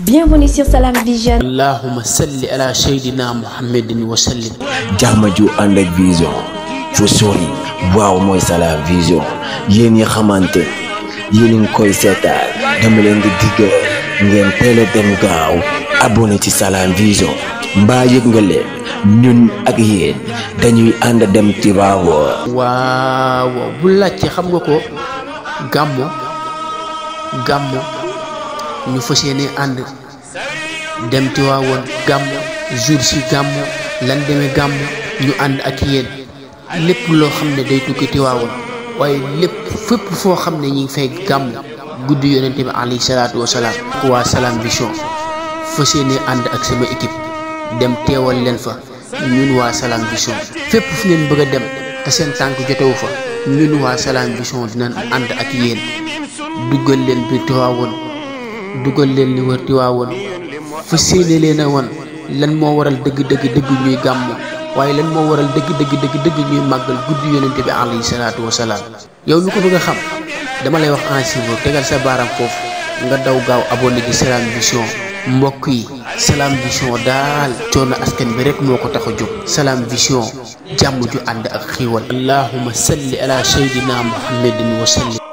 Bienvenue sur Salam Vision. Allahumma salli ala sayyidina Muhammadin wa sallim. ju ànd ak vision fu sori waaw mooy Salam Vision yéen xamante yéen koy seetaan dama leen di diggal ngeen teel dem gaaw abonné ci Salam Vision mbaa yëg nga leen ñun ak yéen dañuy ànd dem ci waawoor. waaw bu laajte xam nga ko gàmmu gàmmu. ñu fas yéene ànd dem Tiwaawoon gàmm jour si gàmm lan demee gàmm ñu ànd ak yéen lépp loo xam ne day tukki Tiwaawoon lépp fépp foo xam ne ñi ngi fay gàmm guddi yonente bi alayhi salaatu wasalaam waa Salam Vision fas yéene ànd ak sama équipe dem teewal leen fa ñun waa Salam Vision fépp fu ngeen bëgg a dem te seen tànk jotewu fa ñun waa Salam Vision dinañ ànd ak yéen duggal leen biir Tiwaawoon dugal leen li wër Tiwaawoon fa séene leen a wan lan moo waral dëgg-dëgg dëgg ñuy gàmmu waaye lan moo waral dëgg-dëgg dëgg dëgg màggal guddi yonente bi alayhi salaatu wasalaam yow lu ko bëgg a xam dama lay wax en suivant tegal sa baaram foofu nga daw gaaw aboon ci Salam Vision mbokk yi Salam Vision daal coono askan bi rek moo ko tax a jóg Salam Vision jàmm ju ànd ak xiiwal allahuma salli ala sayyidina muhammadin wa salli